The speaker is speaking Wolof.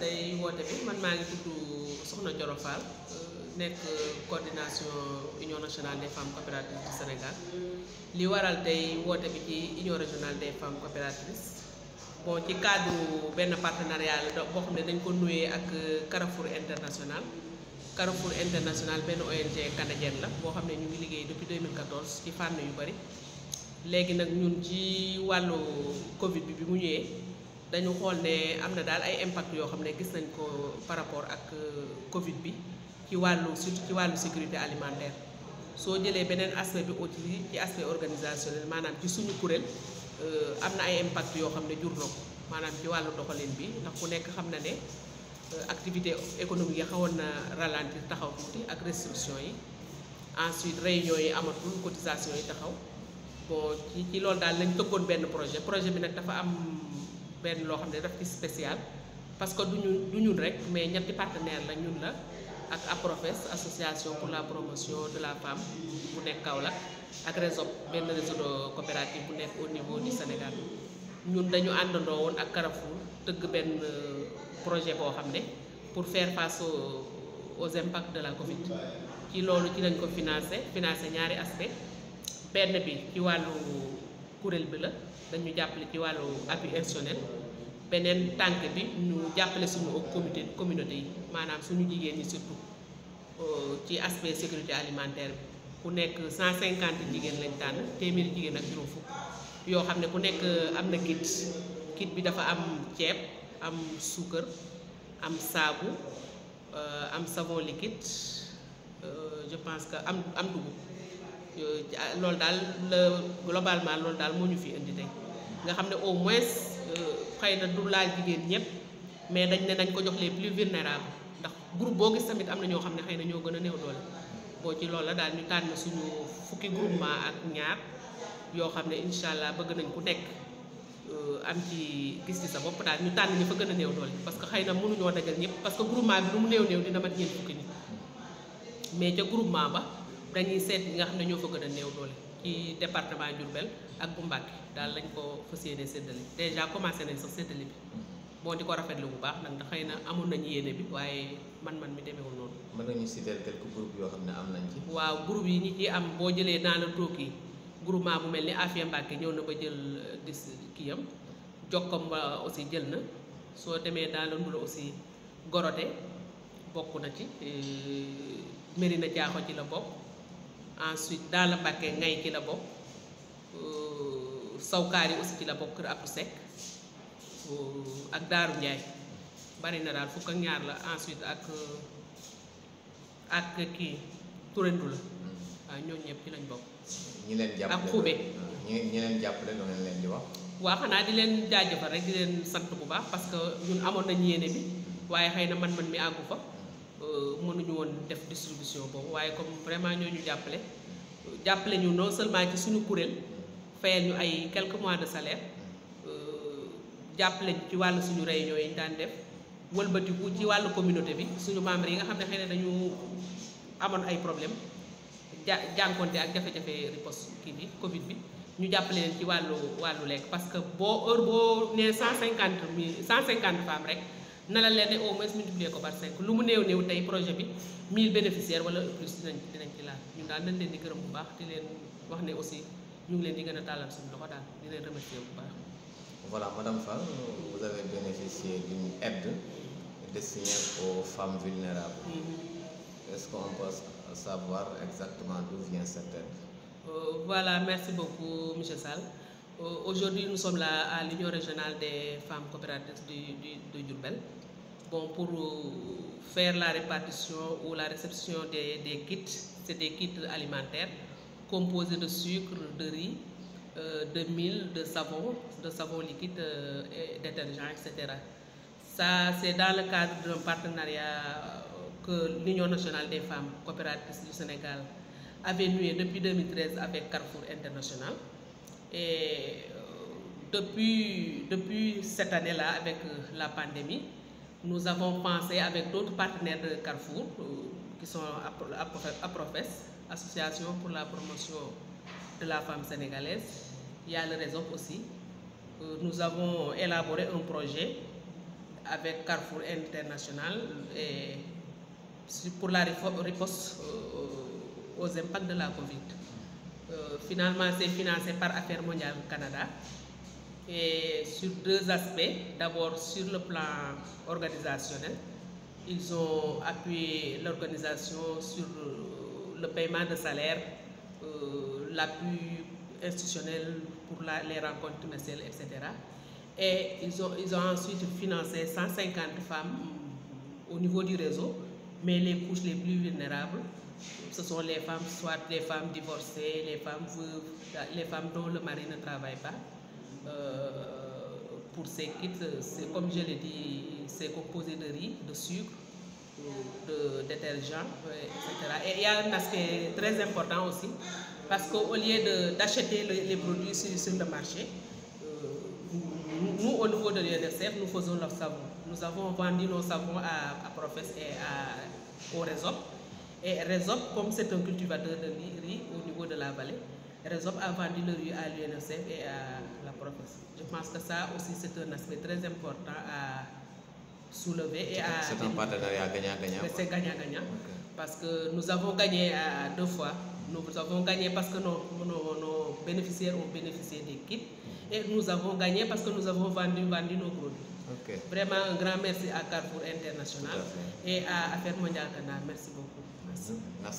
tey woote bi man maa ngi tudd Soxna na Fall euh, nekk coordination union nationale des femmes coopératives Sénégal li waral tey woote bi ci union régionale des femmes coopératives bon ci cadre benn partenariat la boo xam ne dañ ko nuyee ak Carrefour International Carrefour International benn ONG canadienne la boo xam ne ñu ngi liggéey depuis 2014 ci fànn yu bari léegi nag ñun ci wàllu Covid bi bi mu ñëwee. dañu xool ne am na daal ay impact yoo xam ne gis nañ ko par rapport ak euh, Covid bi ci wàllu surtout ci wàllu sécurité alimentaire soo jëlee beneen aspect bi aussi ci aspect organisation maanaam ci suñu kuréel euh, am na ay impact yoo xam ne jur na maanaam ci wàllu doxalin bi ndax ku nekk xam na ne euh, activité économique yi xawoon na ralentir taxaw tuuti ak restriction yi ensuite réunion yi amatul cotisation yi taxaw bon ci ci loolu daal lañ tëggoon benn projet projet bi nag dafa am. benn loo xam ne daf ci spécial parce que duñu ñu rek mais ñetti partenaire la ñun la ak APROFES association pour la promotion de la femme bu nekk Kaolack ak réseau benn réseau de coopérative bu nekk au niveau du Sénégal ñun dañu àndandoo woon ak Carrefour tëgg benn euh, projet boo xam ne pour faire face aux impacts de la Covid ci loolu ci lañ ko financé financé ñaari aspect benn bi ci wàllu. kuréel bi la dañu jàppale ci wàllu appui institutionnel beneen tànk bi ñu jàppale suñu comité communauté yi maanaam suñu jigéen ñi surtout euh, ci aspect sécurité alimentaire bi ku nekk cent cinquante jigéen lañ tànn téeméeri jigéen ak juróom fukk yoo xam ne ku nekk euh, am na kit kit bi dafa am ceeb am suukar am saabu euh, am savon liquide je pense que am am dugub. Ah, loolu daal la globalement loolu daal moo ñu fi indi tey nga xam ne au moins euh, xëy na du laal jigéen ñëpp mais dañ ne nañ ko jox les plus vulnérables ndax groupe boo gis tamit am na ñoo xam ne xëy na ñoo gën a néew doole boo ci lool la daal ñu tànn suñu fukki groupement ak ñaar yoo xam ne incha allah bëgg nañ ku nekk euh, am ci gis ci sa bopp daal ñu tànn ñu fa gën a néew doole parce que xëy na mënuñoo dajal ñëpp parce que groupement bi lu mu néew néew dina mat ñeent fukki nit mais ca groupement ba dañuy seet ñi nga xam ne ñoo fa gën a doole ci département Diourbel ak bu Mbacké daal lañ ko fas yéene séddale déjà commencé nañ sax séddale bi moo di ko rafetlu bu baax nag xëy na amoon nañu yéene bi waaye man-man mi demeewul noonu. mën nañu citer quelques groupes yoo xam ne am nañ ci. waaw group yi ñi ci am boo jëlee naa la toog yi groupement bu mel ni Afia Mbacké ñëw na ba jël euh, dis kii am Jokkom aussi jël na soo demee naa la aussi Gorote bokk na ci euh, Mérina Diakho ci la bokk. ensuite Daala Mbàkke ngay ci la bokk euh, sawkaar yi aussi ci la bokk kër Abdou Seck euh, ak Daaru Njaay bari na daal fukk ak ñaar la ensuite ak euh, ak kii turandu la mm-hmm. waaw ñooñu ñëpp lañ bokk. ñi leen jàppale ak xube mm-hmm. ñi ñi leen jàppale noonu di wax. waaw xanaa di leen jaajëfal rek di leen sant bu baax parce que ñun amoon nañ yéene bi mm-hmm. waaye xëy na man-man mi àggu fa. Euh, mënuñu woon def distribution boobu waaye comme vraiment ñoo ñu jàppale jàppale ñu non seulement ci suñu kuréel fayal ñu ay quelques mois de salaire euh, jàppale ñu ci wàll suñu réunion yi ñu daan def wëlbatiku ci wàll communauté bi suñu membres yi nga xam ne xëy na dañu amoon ay problème ja jànkonte ak jafe-jafe riposte kii bi Covid bi ñu jàppale leen ci wàllu wàllu lekk parce que boo heure boo nee cent cinquante mille rek. Nous avons leen au moins ko par 5 lu mu néew néew tey projet bi 1000 bénéficiaires wala plus dinañ dinañ ci laal ñun daal nañ leen di gërëm bu baax di leen wax ne aussi ñu ngi leen di gën a tàllal suñu loxo daal di leen remercier bu baax. voilà madame Fall vous avez bénéficié d'une aide destinée aux femmes vulnérables. Mm-hmm. est-ce qu'on peut savoir exactement d'où vient cette aide? Euh, voilà merci beaucoup monsieur Sall. Aujourd'hui, nous sommes là à l'Union régionale des femmes coopératives de, de, Bon, pour euh, faire la répartition ou la réception des, kits, c'est des kits alimentaires composés de sucre, de riz, euh, de mille, de savon, de savon liquide, euh, et détergent, etc. Ça, c'est dans le cadre d'un partenariat que l'Union nationale des femmes coopératives du Sénégal avait noué depuis 2013 avec Carrefour International. Et euh, depuis, cette année-là, avec euh, la pandémie, nous avons pensé avec d'autres partenaires de Carrefour, euh, qui sont APROFES, Association pour la promotion de la femme sénégalaise. Il y a le réseau aussi. Nous avons élaboré un projet avec Carrefour International pour la réponse aux impacts de la COVID. Euh, finalement, c'est financé par Affaires mondiales Canada et sur deux aspects. D'abord, sur le plan organisationnel, ils ont appuyé l'organisation sur euh, le paiement de salaire, euh, l'appui institutionnel pour les rencontres commerciales, etc. Et ils ont, ils ont ensuite financé 150 femmes au niveau du réseau, mais les couches les plus vulnérables ce sont les femmes, soit les femmes divorcées, les femmes les femmes dont le mari ne travaille pas. Euh, pour ces kits, c'est comme je l'ai dit, c'est composé de riz, de sucre, de détergent, etc. Et il y a un aspect très important aussi, parce qu'au lieu d'acheter les produits sur, le marché, euh, nous, au niveau de l'UNSF, nous faisons leur savon. Nous avons vendu nos savons à, à et au Réseau. Et Résop, comme c'est un cultivateur de riz au niveau de la vallée, Résop a vendu le riz à l'UNSF et à la province. Je pense que ça aussi, c'est un aspect très important à soulever. et C'est un partenariat gagnant-gagnant. C'est gagnant-gagnant. Parce que nous avons gagné deux fois. Nous avons gagné parce que nos, bénéficiaires ont bénéficié des kits. Mm-hmm. Et nous avons gagné parce que nous avons vendu, vendu nos produits. Vraiment, un grand merci à Carrefour International et à Affaires Mondiales Merci beaucoup. です。ナ